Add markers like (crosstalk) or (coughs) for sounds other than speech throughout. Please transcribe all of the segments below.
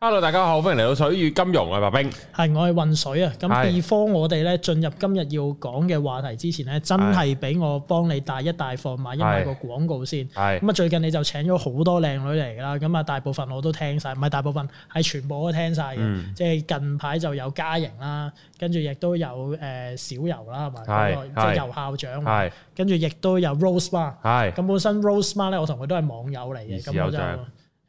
hello，大家好，歡迎嚟到水與金融啊，白兵係我係渾水啊。咁地方，我哋咧進入今日要講嘅話題之前咧，真係俾我幫你帶一帶貨買一買個廣告先。係咁啊，最近你就請咗好多靚女嚟啦。咁啊，大部分我都聽晒，唔係大部分係全部都聽晒嘅。即係近排就有嘉瑩啦，跟住亦都有誒小游啦，同埋嗰個即係游校長。係跟住亦都有 Rose 媽。係咁，本身 Rose 媽咧，我同佢都係網友嚟嘅，咁我就。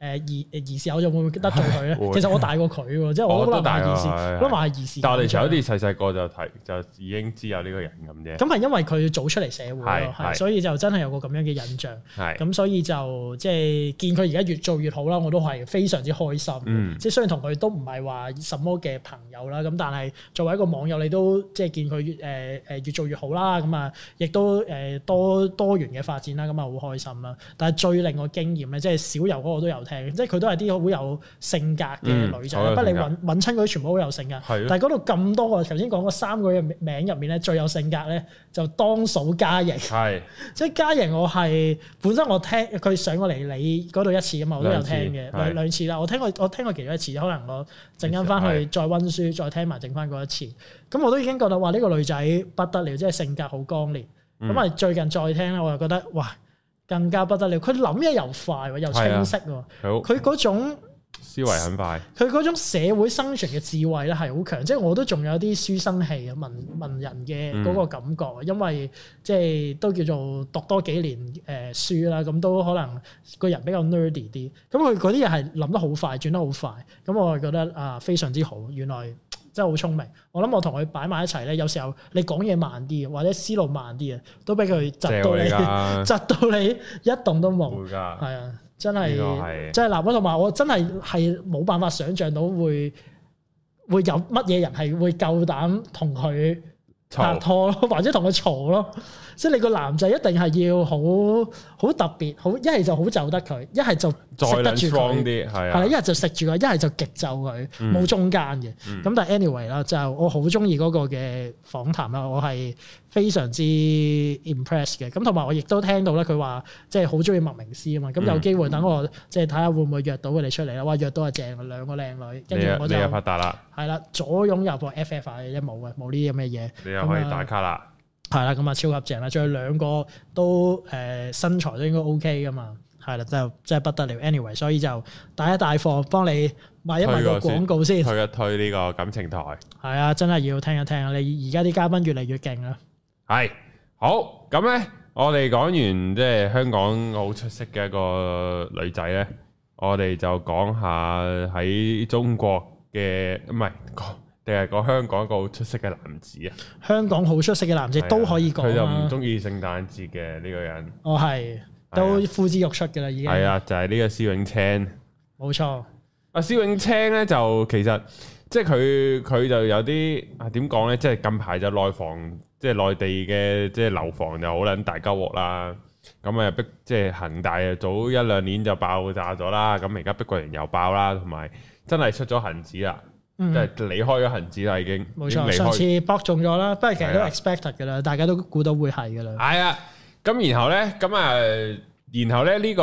誒而誒而時候就會唔會得到佢咧，其實我大過佢喎， (laughs) 即係我覺得大件事，覺得話係兒時。但係我哋從啲細細個就睇就已經知有呢個人咁嘅。咁係因為佢早出嚟社會咯，所以就真係有個咁樣嘅印象。係咁是，所以就即係、就是、見佢而家越做越好啦，我都係非常之開心。即係是雖然同佢都唔係話什麼嘅朋友啦，咁、嗯、但係作為一個網友，你都即係、就是、見佢誒誒越做越好啦，咁啊，亦都誒多多元嘅發展啦，咁啊好開心啦。但係最令我經驗嘅，即、就、係、是、小游嗰個都有。即係佢都係啲好有性格嘅女仔，不過你揾揾親佢，全部好有性格，性格的，但係嗰度咁多個，頭先講嗰三個名入面咧，最有性格咧就當數嘉瑩。的即係嘉瑩，我係本身我聽佢上過嚟你嗰度一次嘛，我都有聽嘅兩次啦。我聽過我聽過其中一次，可能我陣間翻去再溫書的，再聽埋整翻嗰一次，咁我都已經覺得話，呢個女仔不得了，即係性格好剛烈。咁啊、嗯，最近再聽咧，我又覺得哇！更加不得了，佢諗嘢又快又清晰喎，佢嗰種思維很快，佢嗰種社會生存嘅智慧咧係好強，即係我都仲有啲書生氣文文人嘅嗰個感覺，嗯、因為即係都叫做讀多幾年誒書啦，咁都可能個人比較 nerdy 啲，咁佢嗰啲嘢係諗得好快，轉得好快，咁我係覺得啊非常之好，原來。真係好聰明，我諗我同佢擺埋一齊咧，有時候你講嘢慢啲嘅，或者思路慢啲嘅，都俾佢窒到你，窒 (laughs) 到你一動都冇。會㗎，係啊，真係，真係嗱，咁同埋我真係係冇辦法想像到會會有乜嘢人係會夠膽同佢拍拖咯，或者同佢嘈咯，即係你個男仔一定係要好好特別，好一係就好就得佢，一係就食得住佢。係啦，一係、啊、就食住佢，一係就極咒佢，冇、嗯、中間嘅。咁、嗯、但係 anyway 啦，就我好中意嗰個嘅訪談啦，我係。非常之 impress 嘅，咁同埋我亦都聽到咧，佢話即係好中意麥明詩啊嘛，咁、嗯、有機會等我即係睇下會唔會約到佢哋出嚟啦。哇，約到阿正啊，兩個靚女，跟住我就，你又發達啦，係啦，左擁右抱 FF 啊，冇啊，冇呢啲咁嘅嘢，你又可以打卡啦，係啦、啊，咁啊超級正啦，再兩個都誒、呃、身材都應該 OK 噶嘛，係啦，就真係不得了，anyway，所以就帶一帶貨幫你賣一賣個廣告先，推，推一推呢個感情台，係啊，真係要聽一聽啊，你而家啲嘉賓越嚟越勁啊！係好咁咧，我哋講完即係香港好出色嘅一個女仔咧，我哋就講下喺中國嘅唔係，定係講香港一個好出色嘅男子啊？香港好出色嘅男子都可以講。佢就唔中意聖誕節嘅呢個人。哦，係、啊、都呼之欲出嘅啦，已經係啊，就係呢個施永青，冇錯。阿施永青咧，就其實即係佢佢就有啲啊點講咧，即係近排就內房。即係內地嘅，即係樓房又好撚大鳩鑊啦。咁啊逼，即係恒大早一兩年就爆炸咗啦。咁而家碧桂園又爆啦，同埋真係出咗恒指啦，即係、嗯、離開咗恒指啦已經。冇錯，上次博中咗啦，不過其實都 expect 噶啦，的大家都估到會係嘅啦。係啊，咁然後咧，咁啊，然後咧呢，後呢，後呢、呢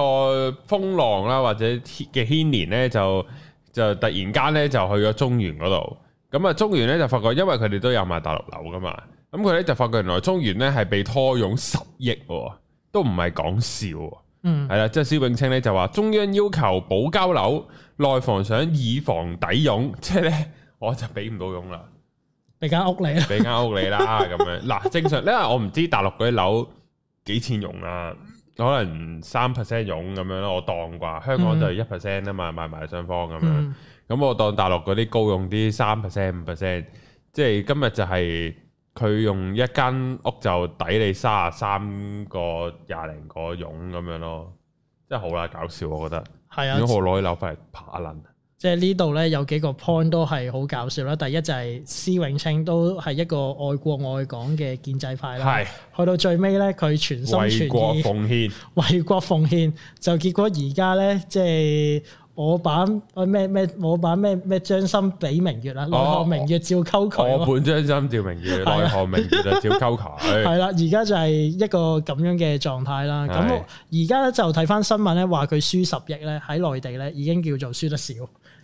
個風浪啦，或者嘅牽連咧，就就突然間咧就去咗中原嗰度。咁啊，中原咧就發覺，因為佢哋都有賣大陸樓噶嘛。咁佢咧就發覺原來中原咧係被拖佣十億，都唔係講笑。嗯，係啦，即係施永青咧就話中央要求補交樓內房，想以房抵佣，即係咧我就俾唔到佣啦，俾間屋你啦，俾間屋你啦咁樣。嗱，正常咧，我唔知大陸嗰啲樓幾錢佣啦，可能三 percent 佣咁樣啦，我當啩。香港就係一 percent 啊嘛，買埋雙方咁樣，咁、嗯、我當大陸嗰啲高佣啲，三 percent 五 percent，即係今日就係、是。佢用一間屋就抵你卅三個廿零個傭咁樣咯，真係好啦，搞笑我覺得。係啊，咁好耐嘅樓嚟爬一輪。即係呢度咧有幾個 point 都係好搞笑啦。第一就係施永青都係一個愛國愛港嘅建制派啦。係是。去到最尾咧，佢全心全意為國奉獻，為國奉獻，就結果而家咧即係。我把我咩咩我版咩咩，將、啊、心比明月啊！奈何明月照溝渠、啊。我本將心照明月，奈何明月啊照溝渠。係啦 (laughs) 啊，而家就係一個咁樣嘅狀態啦。咁而家咧就睇翻新聞咧，話佢輸十億咧喺內地咧，已經叫做輸得少。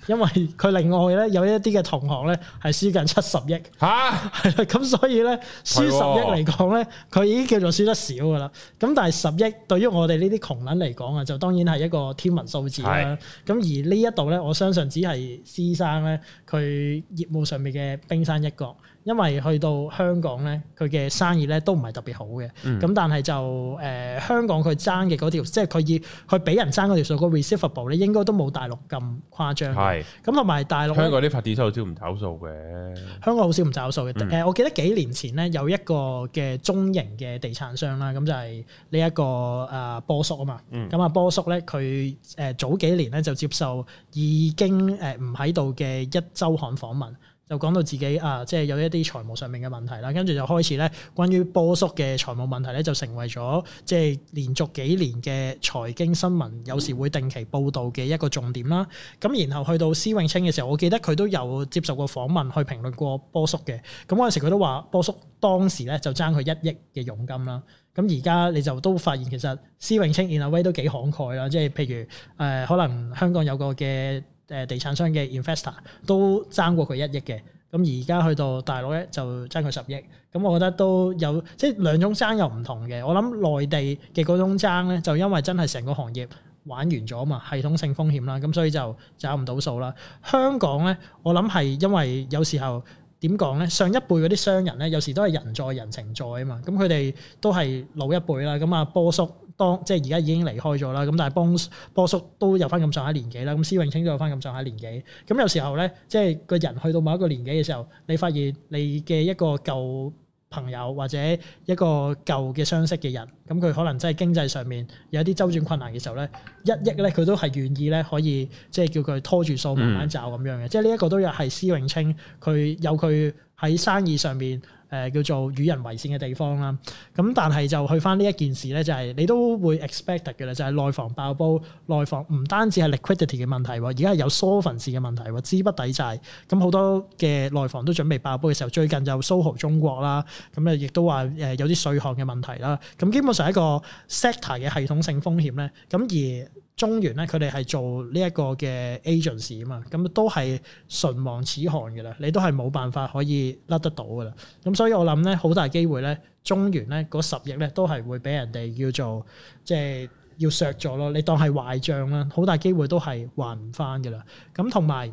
因為佢另外咧有一啲嘅同學咧係輸緊七十億，吓係啦，咁 (laughs) 所以咧輸十億嚟講咧，佢已經叫做輸得少噶啦。咁但係十億對於我哋呢啲窮人嚟講啊，就當然係一個天文數字啦。咁是而呢一度咧，我相信只係施生咧佢業務上面嘅冰山一角。因為去到香港咧，佢嘅生意咧都唔係特別好嘅。咁、嗯、但係就誒、呃、香港佢爭嘅嗰條，即係佢要佢俾人爭嗰條數個 receivable 咧，應該都冇大陸咁誇張。係。咁同埋大陸，香港啲發展商好少唔找數嘅。香港好少唔找數嘅。誒、嗯呃，我記得幾年前咧有一個嘅中型嘅地產商啦，咁就係呢一個誒、呃、波叔啊嘛。咁啊、嗯、波叔咧，佢誒、呃、早幾年咧就接受已經誒唔喺度嘅一週刊訪問。就講到自己啊，即係有一啲財務上面嘅問題啦，跟住就開始咧，關於波叔嘅財務問題咧，就成為咗即係連續幾年嘅財經新聞，有時會定期報導嘅一個重點啦。咁然後去到施永青嘅時候，我記得佢都有接受過訪問，去評論過波叔嘅。咁嗰陣時佢都話波叔當時咧就爭佢一億嘅佣金啦。咁而家你就都發現其實施永青 in a way 都幾慷慨啦，即係譬如誒、呃，可能香港有個嘅。誒地產商嘅 investor 都爭過佢一億嘅，咁而家去到大陸咧就爭佢十億，咁我覺得都有即係兩種爭又唔同嘅。我諗內地嘅嗰種爭咧，就因為真係成個行業玩完咗啊嘛，系統性風險啦，咁所以就找唔到數啦。香港咧，我諗係因為有時候點講咧，上一輩嗰啲商人咧，有時都係人在人情在啊嘛，咁佢哋都係老一輩啦，咁啊波叔。當即係而家已經離開咗啦，咁但係波叔都有翻咁上下年紀啦，咁施永青都有翻咁上下年紀。咁有時候咧，即係個人去到某一個年紀嘅時候，你發現你嘅一個舊朋友或者一個舊嘅相識嘅人，咁佢可能真係經濟上面有啲周轉困難嘅時候咧，一億咧佢都係願意咧可以即係叫佢拖住數慢慢找咁樣嘅。嗯、即係呢一個都又係施永青佢有佢喺生意上面。誒叫做與人為善嘅地方啦，咁但係就去返呢一件事咧，就係、是、你都會 expect 嘅啦，就係、是、內房爆煲，內房唔單止係 liquidity 嘅問題，而家係有 sovereign 嘅問題，資不抵債，咁好多嘅內房都準備爆煲嘅時候，最近就 soho 中國啦，咁啊亦都話誒有啲稅項嘅問題啦，咁基本上一個 sector 嘅系統性風險咧，咁而。中原咧，佢哋係做呢一個嘅 agents 啊嘛，咁都係唇亡齒寒㗎啦，你都係冇辦法可以甩得到噶啦。咁所以我諗咧，好大機會咧，中原咧嗰十億咧都係會俾人哋叫做即係、就是、要削咗咯，你當係壞賬啦，好大機會都係還唔返噶啦。咁同埋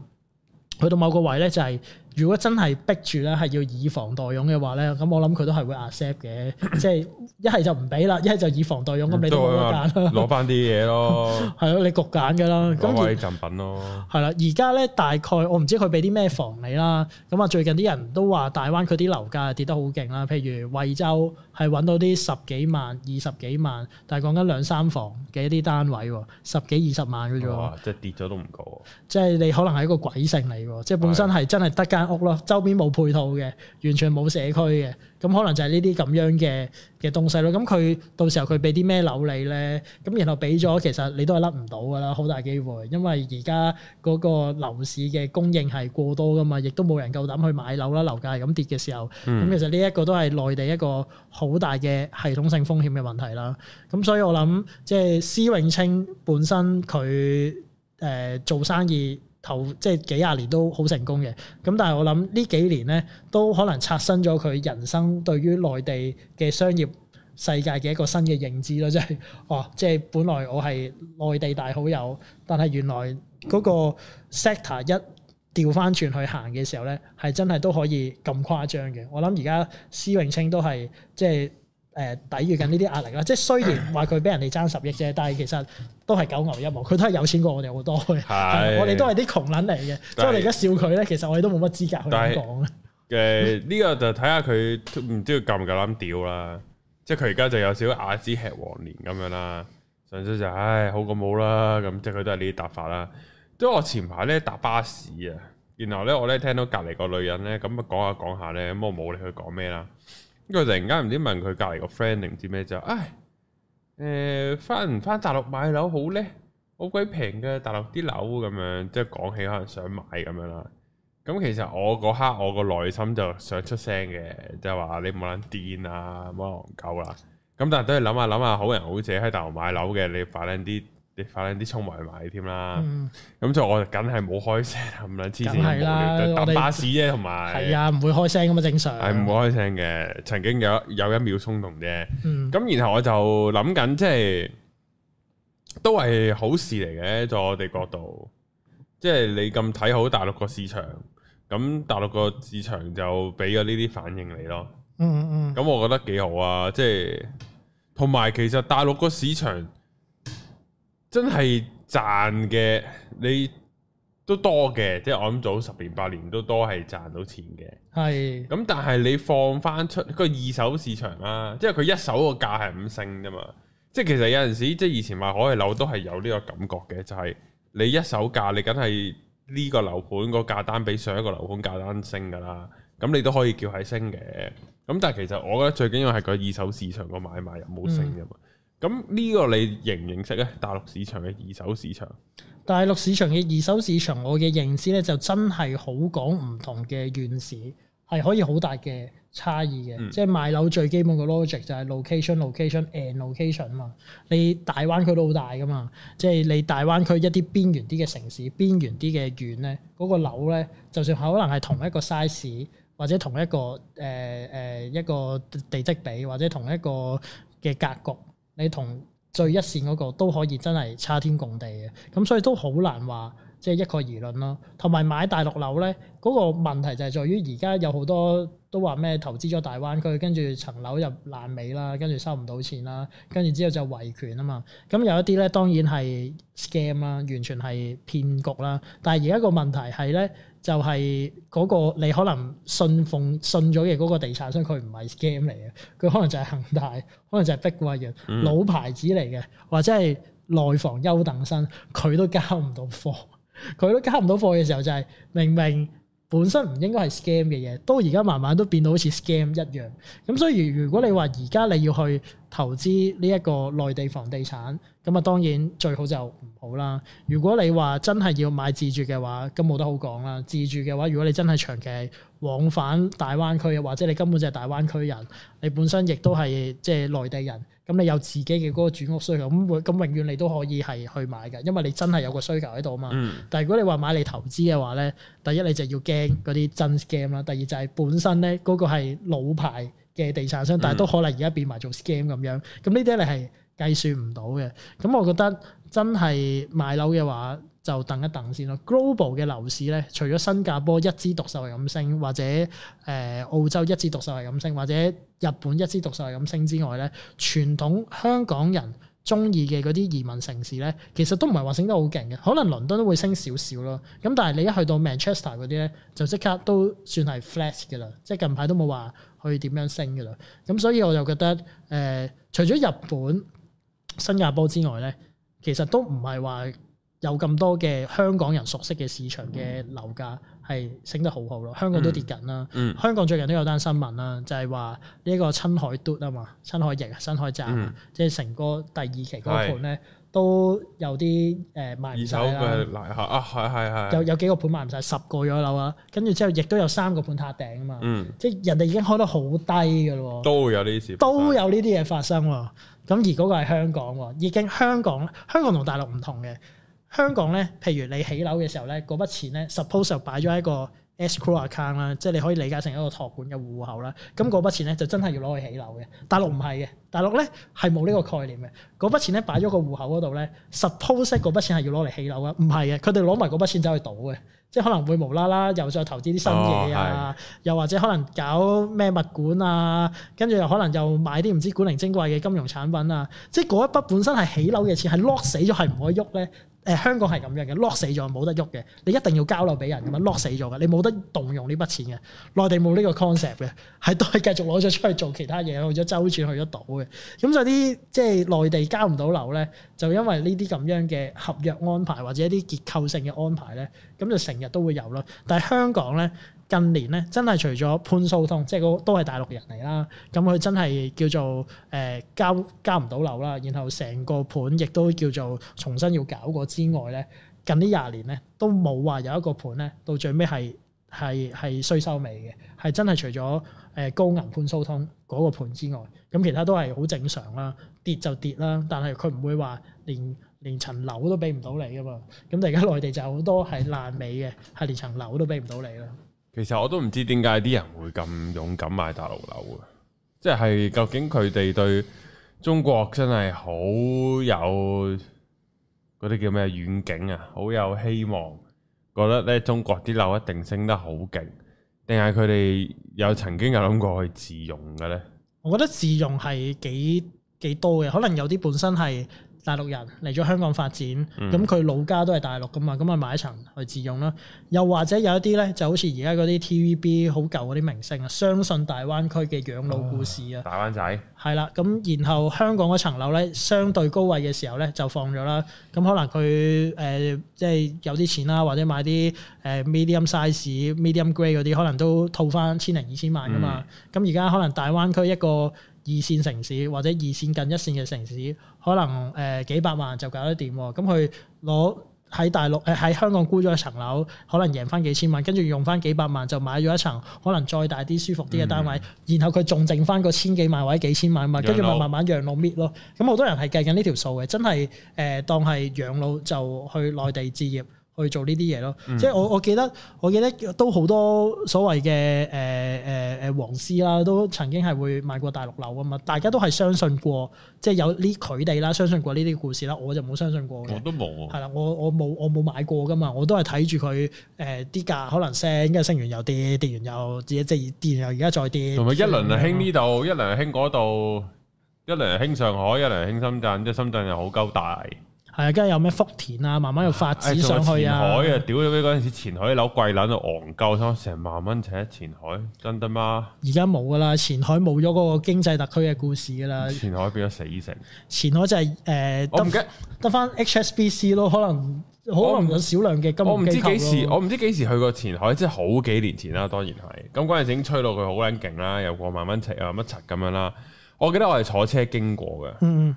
去到某個位咧就係、是。如果真係逼住咧，係要以房代佣嘅話咧，咁我諗佢都係會 accept 嘅， (coughs) 即係一係就唔俾啦，一係就以房代佣，咁你都冇得揀啦，攞翻啲嘢咯，係、 (laughs) (laughs) 啊、咯，你局揀㗎啦，攞翻啲贈品咯，係啦，而家咧大概我唔知佢俾啲咩房你啦，咁啊最近啲人都話大灣佢啲樓價跌得好勁啦，譬如惠州係揾到啲十幾萬、二十幾萬，但係講緊兩三房嘅一啲單位，十幾二十萬嘅啫，哇！即係跌咗都唔夠啊，即係你可能係一個鬼城嚟喎，即係本身係真係得間屋咯，周邊冇配套嘅，完全冇社區嘅，咁可能就係呢啲咁樣嘅嘅東西咯。咁佢到時候佢俾啲咩樓你咧？咁然後俾咗，其實你都係甩唔到噶啦，好大機會。因為而家嗰個樓市嘅供應係過多噶嘛，亦都冇人夠膽去買樓啦。樓價係咁跌嘅時候，咁其實呢一個都係內地一個好大嘅系統性風險嘅問題啦。咁所以我諗，即係施永青本身佢誒做生意。頭即係幾廿年都好成功嘅，咁但係我諗呢幾年咧，都可能刷新咗佢人生對於內地嘅商業世界嘅一個新嘅認知咯，即係哦，即係本來我係內地大好友，但係原來嗰個 sector 一調返轉去行嘅時候咧，係真係都可以咁誇張嘅。我諗而家施永青都係即係。誒、呃、抵禦緊呢啲壓力啦，即係雖然話佢俾人哋爭十億啫，但係其實都係九牛一毛，佢都係有錢過我哋好多嘅是、嗯嗯，我哋都係啲窮撚嚟嘅，是所以我哋而家笑佢咧，其實我哋都冇乜資格去講嘅。呢 (laughs) 個就睇下佢唔知佢夠唔夠膽屌啦，即係佢而家就有少少啞子吃黃連咁樣啦。上次就是、唉好過冇啦，咁即係佢都係呢啲答法啦。都我前排咧搭巴士啊，然後咧我咧聽到隔籬個女人咧咁啊講下講下咧，咁我冇理佢講咩啦。佢突然間唔知問佢隔離個 friend 定唔知咩就，唉，誒翻唔翻大陸買樓好咧？好鬼平嘅大陸啲樓咁樣，即係講起可能想買咁樣啦。咁其實我嗰刻我個內心就想出聲嘅，就係話你冇撚癲啊，冇撚戇鳩啦。咁但係都係諗下諗下，好人好者喺大陸買樓嘅，你快啲，你快啲衝埋買添啦，咁就、嗯、我梗係冇開聲啦，咁樣黐線，搭巴士啫，同埋係啊，唔會開聲咁啊，正常係唔會開聲嘅。曾經有有一秒衝動啫，咁、嗯、然後我就諗緊，即係都係好事嚟嘅。在我哋角度，即係你咁睇好大陸個市場，咁大陸個市場就俾咗呢啲反應你咯。嗯嗯，咁、嗯、我覺得幾好啊，即係同埋其實大陸個市場。真係賺嘅，你都多嘅，即係我諗早十年八年都多係賺到錢嘅。係是。咁但係你放翻出個二手市場啦，即係佢一手個價係五升㗎嘛。即係其實有陣時，即係以前買海外樓都係有呢個感覺嘅，就係、是、你一手價你梗係呢個樓盤個價單比上一個樓盤價單升㗎啦。咁你都可以叫係升嘅。咁但係其實我覺得最緊要係個二手市場個買賣又冇升㗎嘛。嗯。咁呢個你認唔認識咧？大陸市場嘅二手市場，大陸市場嘅二手市場，我嘅認識咧，就真係好講唔同嘅縣市係可以好大嘅差異嘅。嗯、即係買樓最基本嘅 logic 就係 loc location，location and location 啊嘛。你大灣區都好大噶嘛，即、就、係、是、你大灣區一啲邊緣啲嘅城市、邊緣啲嘅縣咧，嗰、那個樓咧，就算可能係同一個 size 或者同一個誒誒、呃、一個地積比或者同一個嘅格局。你同最一線嗰個都可以真係差天共地嘅，咁所以都好難話即係一概而論咯。同埋買大陸樓咧，嗰個問題就係在於而家有好多都話咩投資咗大灣區，跟住層樓入爛尾啦，跟住收唔到錢啦，跟住之後就維權啊嘛。咁有一啲咧當然係 scam 啦，完全係騙局啦。但係而家個問題係咧。就係嗰個你可能信奉信咗嘅嗰個地產商，佢唔係 game 嚟嘅，佢可能就係恒大，可能就係碧桂園，老牌子嚟嘅，或者係內房優等生，佢都交唔到貨，佢都交唔到貨嘅時候，就係明明。本身唔應該係 scam 嘅嘢，都而家慢慢都變到好似 scam 一樣。咁所以如果你話而家你要去投資呢一個內地房地產，咁啊當然最好就唔好啦。如果你話真係要買自住嘅話，咁冇得好講啦。自住嘅話，如果你真係長期往返大灣區啊，或者你根本就係大灣區人，你本身亦都係即係內地人。咁你有自己嘅嗰個轉屋需求，咁永咁永遠你都可以係去買嘅，因為你真係有個需求喺度啊嘛。但係如果你買話買嚟投資嘅話咧，第一你就要驚嗰啲真 scam 啦，第二就係本身咧嗰、嗰個係老牌嘅地產商，但係都可能而家變埋做 scam 咁樣，咁呢啲你係計算唔到嘅。咁我覺得真係買樓嘅話。就等一等先咯。Global 嘅樓市咧，除咗新加坡一枝獨秀係咁升，或者誒、呃、澳洲一枝獨秀係咁升，或者日本一枝獨秀係咁升之外咧，傳統香港人中意嘅嗰啲移民城市咧，其實都唔係話升得好勁嘅。可能倫敦都會升少少咯。咁但係你一去到 Manchester 嗰啲咧，就即刻都算係 flat 嘅啦，即係近排都冇話去點樣升嘅啦。咁所以我就覺得誒、呃，除咗日本、新加坡之外咧，其實都唔係話。有咁多嘅香港人熟悉嘅市場嘅樓價係升得好好咯，香港都跌緊啦。嗯嗯、香港最近都有單新聞啦，就係話呢個親海 do 啊嘛，親海駅、親海站，即係成個第二期嗰盤咧是都有啲誒賣唔晒二手嘅樓啊，係係係有有幾個盤賣唔晒，十個左樓啊，跟住之後亦都有三個盤塔頂啊嘛。嗯、即係人哋已經開得好低嘅咯。都會有呢啲事都有呢啲嘢發生。咁而嗰個係香港，已經香港香港同大陸唔同嘅。香港咧，譬如你起樓嘅時候咧，嗰筆錢咧，suppose 就擺咗喺個 escrow account 啦，即係你可以理解成一個託管嘅戶口啦。咁嗰筆錢咧，就真係要攞去起樓嘅。大陸唔係嘅，大陸咧係冇呢個概念嘅。嗰筆錢咧擺咗個戶口嗰度咧，suppose 嗰筆錢係要攞嚟起樓啊。唔係嘅，佢哋攞埋嗰筆錢走去賭嘅，即係可能會無啦啦又再投資啲新嘢啊，哦、又或者可能搞咩物管啊，跟住又可能又買啲唔知古靈精怪嘅金融產品啊，即係嗰一筆本身係起樓嘅錢係 lock 死咗，係唔可以喐咧。誒、呃、香港係咁樣嘅，lock (music) 死咗冇得喐嘅，你一定要交樓俾人㗎嘛，lock 死咗嘅，你冇得動用呢筆錢嘅。內地冇呢個 concept 嘅，係都係繼續攞咗出去做其他嘢，去咗周轉，去咗賭嘅。咁所以啲即係內地交唔到樓咧，就因為呢啲咁樣嘅合約安排或者一啲結構性嘅安排咧，咁就成日都會有啦。但係香港咧。近年咧，真係除咗潘蘇通，即係都係大陸人嚟啦。咁佢真係叫做誒、呃、交交唔到樓啦，然後成個盤亦都叫做重新要搞過之外咧，近呢廿年咧都冇話有，有一個盤咧到最尾係係係衰收尾嘅，係真係除咗誒、呃、高銀潘蘇通嗰、那個盤之外，咁其他都係好正常啦，跌就跌啦。但係佢唔會話連連層樓都俾唔到你㗎嘛。咁但而家內地就好多係爛尾嘅，係連層樓都俾唔到你啦。其實我都唔知點解啲人會咁勇敢買大陸樓，即係究竟佢哋對中國真係好有嗰啲叫咩遠景啊，好有希望，覺得呢中國啲樓一定升得好勁，定係佢哋有曾經有諗過去自用嘅呢？我覺得自用係幾幾多嘅，可能有啲本身係。大陸人嚟咗香港發展，咁佢老家都係大陸噶嘛，咁咪買一層去自用啦。又或者有一啲咧，就好似而家嗰啲 TVB 好舊嗰啲明星啊，相信大灣區嘅養老故事啊、哦。大灣仔係啦，咁然後香港嗰層樓咧，相對高位嘅時候咧就放咗啦。咁可能佢誒即係有啲錢啦，或者買啲誒、呃、medium size、medium grade 嗰啲，可能都套翻千零二千萬噶嘛。咁而家可能大灣區一個二線城市或者二線近一線嘅城市。可能誒、呃、幾百萬就搞得掂喎，咁佢攞喺大陸誒喺、呃、香港沽咗一層樓，可能贏翻幾千萬，跟住用翻幾百萬就買咗一層，可能再大啲舒服啲嘅單位，嗯、然後佢仲剩翻個千幾萬或者幾千萬嘛。跟住咪慢慢養老搣咯。咁、嗯、好多人係計緊呢條數嘅，真係誒、呃、當係養老就去內地置業，嗯嗯去做呢啲嘢咯，嗯、即係我我記得，我記得都好多所謂嘅誒誒誒黃絲啦，都曾經係會買過大陸樓啊嘛，大家都係相信過，即係有呢佢哋啦，相信過呢啲故事啦，我就冇相信過，我我我我過。我都冇，係、呃、啦，我我冇我冇買過噶嘛，我都係睇住佢誒啲價可能升，跟住升完又跌，跌完又，而即而跌完又而家再跌。同埋一輪興呢度、嗯，一輪興嗰度，一輪興上海，一輪興深圳，即係深圳又好鳩大。誒，跟住有咩福田啊，慢慢要發展上去啊！海啊，屌咗俾嗰陣時，前海啲樓貴撚到昂鳩，差成萬蚊尺，前海真得嗎？而家冇噶啦，前海冇咗嗰個經濟特區嘅故事噶啦。前海變咗死城。前海就係、是、誒，呃、我得翻 HSBC 咯，可能可能有少量嘅金我唔知幾時，我唔知幾時去過前海，即係好幾年前啦，當然係。咁嗰陣時已經吹到佢好撚勁啦，有過萬蚊尺啊乜柒咁樣啦。我記得我係坐車經過嘅。嗯。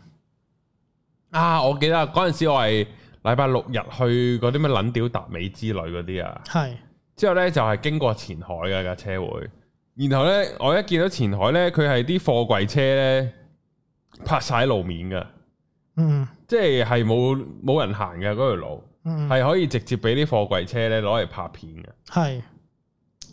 啊！我記得嗰陣時，我係禮拜六日去嗰啲咩撚屌達美之旅嗰啲啊。係是。之後呢，就係、是、經過前海嘅架、那個、車會，然後呢，我一見到前海呢，佢係啲貨櫃車呢拍晒路面嘅。嗯。即係係冇冇人行嘅嗰條路，係、嗯、可以直接俾啲貨櫃車呢攞嚟拍片嘅。係是。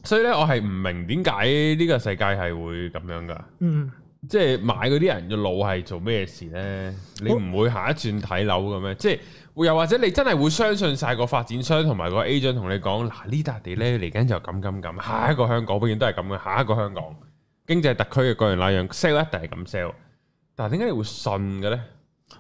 所以呢，我係唔明點解呢個世界係會咁樣嘅。嗯。即係買嗰啲人嘅腦係做咩事呢？你唔會下一轉睇樓嘅咩？即係又或者你真係會相信晒個發展商同埋個 agent 同你講嗱呢笪地呢，嚟緊就咁咁咁，下一個香港永遠都係咁嘅，下一個香港經濟特區嘅各樣那樣 sell 一定係咁 sell，但係點解你會信嘅呢？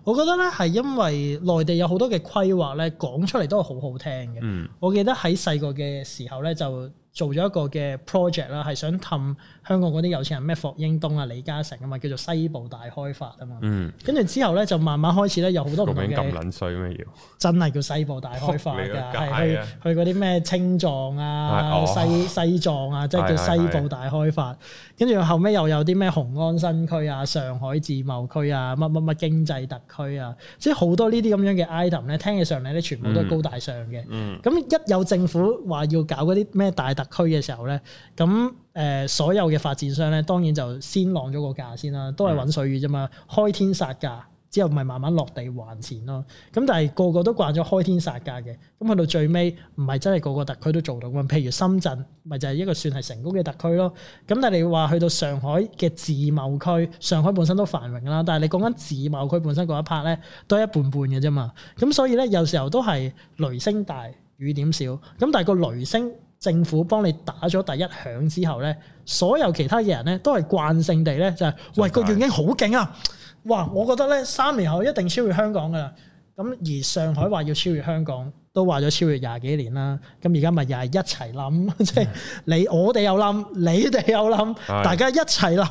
我覺得呢係因為內地有好多嘅規劃呢，講出嚟都係好好聽嘅。嗯、我記得喺細個嘅時候呢，就。做咗一個嘅 project 啦，係想氹香港嗰啲有錢人咩霍英東啊、李嘉誠啊嘛，叫做西部大開發啊嘛。跟住、嗯、之後咧，就慢慢開始咧，有好多個名咁撚衰咩嘢。真係叫西部大開發㗎，係、 (laughs) 啊、去嗰啲咩青藏啊、哎哦、西西藏啊，即係叫西部大開發。跟住、哎哎、後尾又有啲咩雄安新區啊、上海自貿區啊、乜乜乜經濟特區啊，即係好多呢啲咁樣嘅 item 咧，聽起上嚟咧，全部都係高大上嘅。咁、嗯嗯、一有政府話要搞嗰啲咩大，大。特區嘅時候咧，咁誒、呃、所有嘅發展商咧，當然就先浪咗個價先啦，都係揾水魚啫嘛，嗯、開天殺價之後咪慢慢落地還錢咯。咁但係個個都慣咗開天殺價嘅，咁去到最尾唔係真係個個特區都做到嘅。譬如深圳，咪就係、是、一個算係成功嘅特區咯。咁但係你話去到上海嘅自貿區，上海本身都繁榮啦，但係你講緊自貿區本身嗰一 part 咧，都係一半半嘅啫嘛。咁所以咧，有時候都係雷聲大，雨點少，咁但係個雷聲。政府幫你打咗第一響之後咧，所有其他嘅人咧都係慣性地咧就係，看喂，個願景好勁啊！哇，我覺得咧三年後一定超越香港噶啦。咁而上海話要超越香港。都話咗超越廿幾年啦，咁而家咪又係一齊諗，嗯、即係你我哋又諗，你哋又諗，是的 大家一齊諗，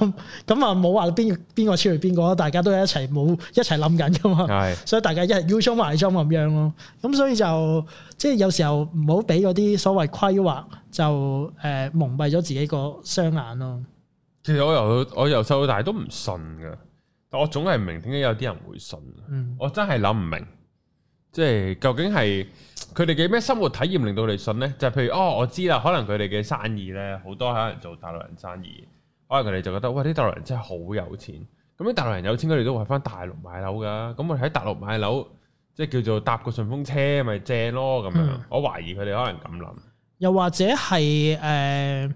咁啊冇話邊邊個超越邊個，大家都係一齊冇一齊諗緊噶嘛，是的 所以大家一武裝埋裝咁樣咯，咁所以就即係有時候唔好俾嗰啲所謂規劃就誒、呃、蒙蔽咗自己個雙眼咯。其實我由我由細到大都唔信噶，但我總係唔明點解有啲人會信，嗯、我真係諗唔明。即係究竟係佢哋嘅咩生活體驗令到你信呢？就係、譬如哦，我知啦，可能佢哋嘅生意呢，好多可能做大陸人生意，可能佢哋就覺得喂，啲大陸人真係好有錢。咁啲大陸人有錢，佢哋都喺翻大陸買樓噶。咁我喺大陸買樓，即係叫做搭個順風車，咪正咯咁樣。嗯、我懷疑佢哋可能咁諗。又或者係誒、呃、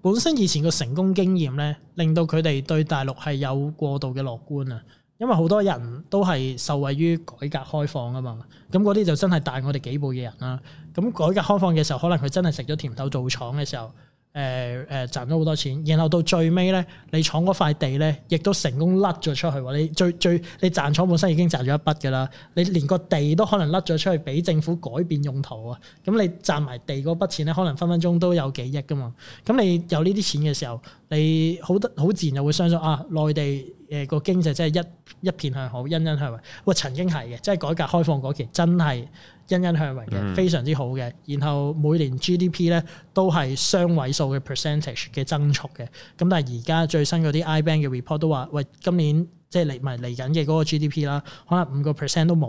本身以前嘅成功經驗呢，令到佢哋對大陸係有過度嘅樂觀啊。因為好多人都係受惠於改革開放啊嘛，咁嗰啲就真係大我哋幾輩嘅人啦。咁改革開放嘅時候，可能佢真係食咗甜頭做廠嘅時候。誒誒、呃呃、賺咗好多錢，然後到最尾咧，你廠嗰塊地咧，亦都成功甩咗出去喎！你最最你賺廠本身已經賺咗一筆嘅啦，你連個地都可能甩咗出去俾政府改變用途啊！咁你賺埋地嗰筆錢咧，可能分分鐘都有幾億噶嘛！咁你有呢啲錢嘅時候，你好多好自然就會相信啊！內地誒個經濟真係一一片向好，欣欣向榮。喂、呃，曾經係嘅，即係改革開放嗰期真係。欣欣向榮嘅，非常之好嘅。然後每年 GDP 咧都係雙位數嘅 percentage 嘅增速嘅。咁但係而家最新嗰啲 IBank 嘅 report 都話，喂，今年。即係嚟唔嚟緊嘅嗰個 GDP 啦，可能五個 percent 都冇。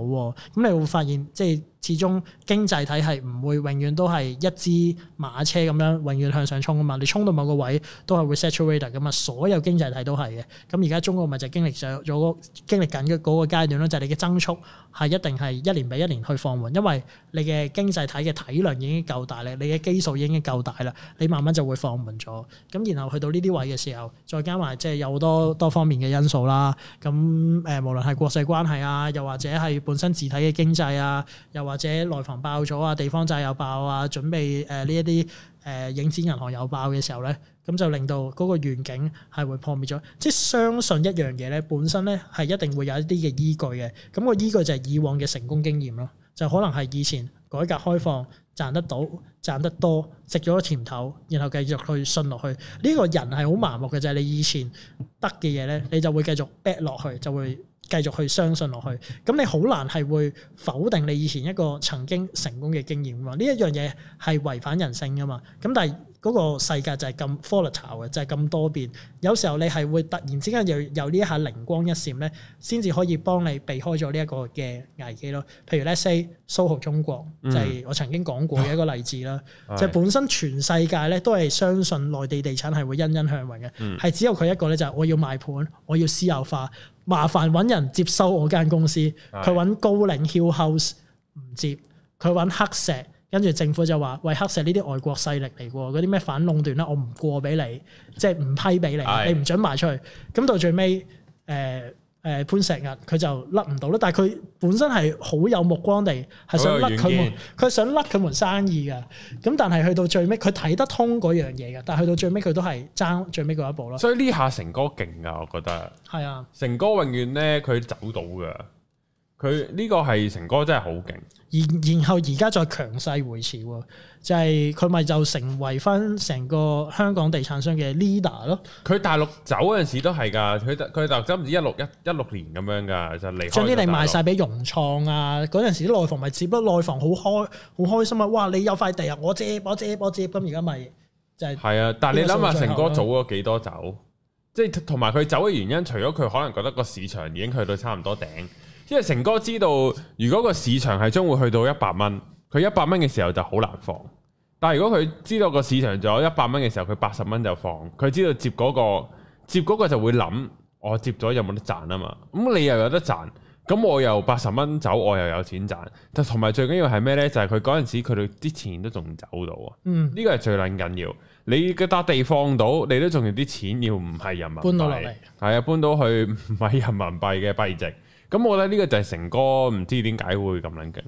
咁你會發現，即係始終經濟體系唔會永遠都係一支馬車咁樣永遠向上衝啊嘛。你衝到某個位都係會 saturate 嘅嘛。所有經濟體都係嘅。咁而家中國咪就經歷咗經歷緊嘅嗰個階段咯，就係、是、你嘅增速係一定係一年比一年去放緩，因為你嘅經濟體嘅體量已經夠大啦，你嘅基數已經夠大啦，你慢慢就會放緩咗。咁然後去到呢啲位嘅時候，再加埋即係有好多多方面嘅因素啦。咁誒、呃，無論係國際關係啊，又或者係本身自體嘅經濟啊，又或者內房爆咗啊，地方債又爆啊，準備誒呢一啲誒影子銀行又爆嘅時候咧，咁就令到嗰個願景係會破滅咗。即係相信一樣嘢咧，本身咧係一定會有一啲嘅依據嘅。咁、那個依據就係以往嘅成功經驗咯，就可能係以前改革開放。賺得到、賺得多、食咗甜頭，然後繼續去信落去，呢個人係好麻木嘅，就係你以前得嘅嘢呢，你就會繼續 back 落去，就會繼續去相信落去。咁你好難係會否定你以前一個曾經成功嘅經驗嘛？呢一樣嘢係違反人性噶嘛？咁但係。嗰個世界就係咁 volatile 嘅，就係咁多變。有時候你係會突然之間又有呢一下靈光一閃咧，先至可以幫你避開咗呢一個嘅危機咯。譬如 let's say SOHO 中國即係、嗯、我曾經講過嘅一個例子啦。啊、就本身全世界咧都係相信內地地產係會欣欣向榮嘅，係、嗯、只有佢一個咧就係我要賣盤，我要私有化，麻煩揾人接收我間公司。佢揾、啊、高瓴 Hillhouse 唔接，佢揾黑石。跟住政府就話：喂，黑石呢啲外國勢力嚟過，嗰啲咩反壟斷咧，我唔過俾你，即係唔批俾你，的你唔准賣出去。咁到最尾，誒、呃、誒、呃、潘石屹佢就甩唔到啦。但係佢本身係好有目光地，係想甩佢，佢想甩佢門生意噶。咁但係去到最尾，佢睇得通嗰樣嘢噶。但係去到最尾，佢都係爭最尾嗰一步咯。所以呢下成哥勁啊，我覺得係啊，的成哥永遠咧佢走到噶，佢呢個係成哥真係好勁。然然後而家再強勢回潮，就係佢咪就成為翻成個香港地產商嘅 leader 咯。佢大陸走嗰陣時都係㗎，佢佢就，就走唔知一六一一六年咁樣㗎，就離開。將啲地賣晒俾融創啊！嗰陣時內房咪接不內房好開好開心啊！哇！你有塊地啊，我接我接我接。我接」咁而家咪就係。係啊，但係你諗下，成哥早咗幾多走？即係同埋佢走嘅原因，除咗佢可能覺得個市場已經去到差唔多頂。因為成哥知道，如果個市場係將會去到一百蚊，佢一百蚊嘅時候就好難放。但如果佢知道個市場仲有一百蚊嘅時候，佢八十蚊就放。佢知道接嗰、嗰個，接嗰個就會諗，我接咗有冇得賺啊嘛？咁、嗯、你又有得賺，咁我又八十蚊走，我又有錢賺。但同埋最緊要係咩呢？就係佢嗰陣時，佢哋啲錢都仲唔走到啊。嗯，呢個係最撚緊要。你嘅笪地放到，你都仲要啲錢要唔係人民幣，係啊，搬到去唔係人民幣嘅幣值。咁我覺得呢個就係成哥唔知點解會咁樣嘅。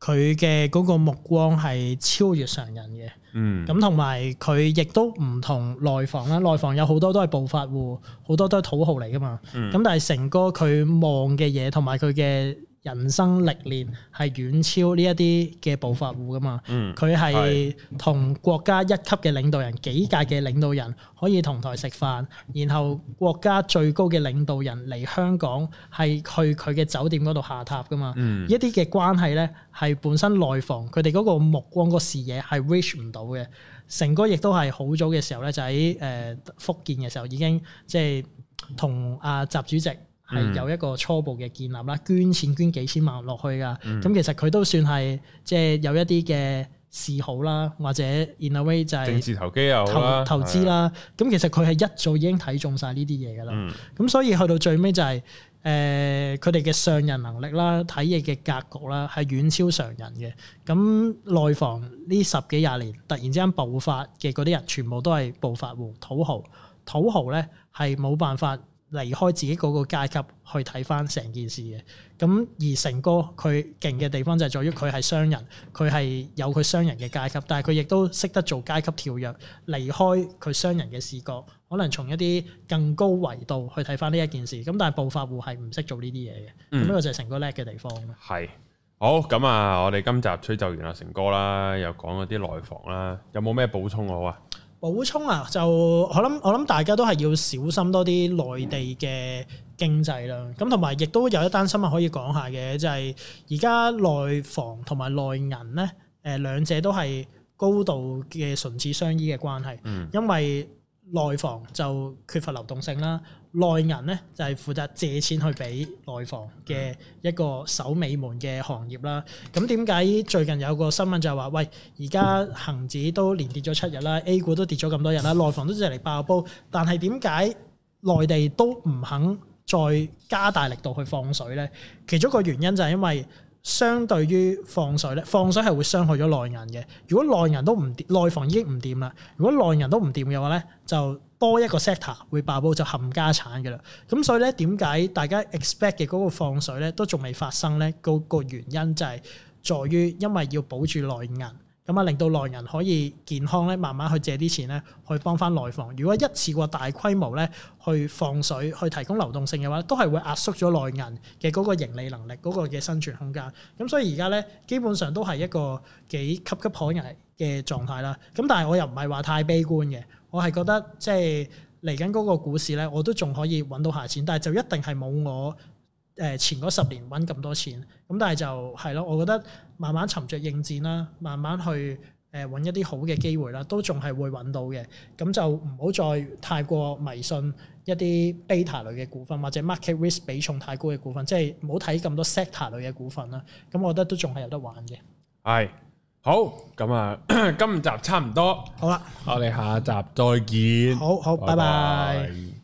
佢嘅嗰個目光係超越常人嘅，嗯，咁同埋佢亦都唔同內房啦，內房有好多都係暴發戶，好多都係土豪嚟噶嘛，咁、嗯、但係成哥佢望嘅嘢同埋佢嘅。人生歷練係遠超呢一啲嘅暴發戶噶嘛，佢係同國家一級嘅領導人、嗯、幾屆嘅領導人可以同台食飯，然後國家最高嘅領導人嚟香港係去佢嘅酒店嗰度下榻噶嘛。嗯、一啲嘅關係咧係本身內房佢哋嗰個目光、嗰個視野係 reach 唔到嘅。成哥亦都係好早嘅時候咧，就喺誒福建嘅時候已經即係同阿習主席。係有一個初步嘅建立啦，捐錢捐幾千萬落去噶，咁、嗯、其實佢都算係即係有一啲嘅示好啦，或者 in a way 就係政治投機又啦，投資啦，咁的其實佢係一早已經睇中晒呢啲嘢噶啦，咁、嗯、所以去到最尾就係誒佢哋嘅上人能力啦、睇嘢嘅格局啦，係遠超常人嘅。咁內房呢十幾廿年突然之間暴發嘅嗰啲人，全部都係暴發戶、土豪、土豪咧，係冇辦法。離開自己嗰個階級去睇翻成件事嘅，咁而成哥佢勁嘅地方就係在於佢係商人，佢係有佢商人嘅階級，但係佢亦都識得做階級跳躍，離開佢商人嘅視角，可能從一啲更高維度去睇翻呢一件事。咁但係暴發戶係唔識做呢啲嘢嘅，咁呢個就係成哥叻嘅地方咯。係，好，咁啊！我哋今集吹就完啦，成哥啦，又講咗啲內房啦，有冇咩補充好啊？補充啊，就我諗我諗大家都係要小心多啲內地嘅經濟啦。咁同埋亦都有一單新聞，可以講下嘅就係而家內房同埋內銀咧，誒兩者都係高度嘅唇齒相依嘅關係，嗯、因為。內房就缺乏流動性啦，內銀咧就係負責借錢去俾內房嘅一個守尾門嘅行業啦。咁點解最近有個新聞就係話，喂，而家恒指都連跌咗七日啦，A 股都跌咗咁多日啦，內房都淨係嚟爆煲，但係點解內地都唔肯再加大力度去放水咧？其中一個原因就係因為。相對於放水咧，放水係會傷害咗內銀嘅。如果內銀都唔掂，內房已經唔掂啦，如果內銀都唔掂嘅話咧，就多一個 sector 會爆煲，就冚家產嘅啦。咁所以咧，點解大家 expect 嘅嗰個放水咧都仲未發生咧？個、嗰個原因就係在於，因為要保住內銀。咁啊，令到內銀可以健康咧，慢慢去借啲錢咧，去幫翻內房。如果一次過大規模咧，去放水去提供流動性嘅話，都係會壓縮咗內銀嘅嗰個盈利能力、嗰、嗰個嘅生存空間。咁所以而家咧，基本上都係一個幾岌岌可危嘅狀態啦。咁但係我又唔係話太悲觀嘅，我係覺得即係嚟緊嗰個股市咧，我都仲可以揾到下錢，但係就一定係冇我，誒前嗰十年揾咁多錢，咁但係就係咯，我覺得慢慢沉着應戰啦，慢慢去誒揾一啲好嘅機會啦，都仲係會揾到嘅。咁就唔好再太過迷信一啲 beta 類嘅股份，或者 market risk 比重太高嘅股份，即係唔好睇咁多 sector 類嘅股份啦。咁我覺得都仲係有得玩嘅。係，好，咁啊， (coughs) 今集差唔多，好啦了，我哋下一集再見。好好，好拜拜。拜拜。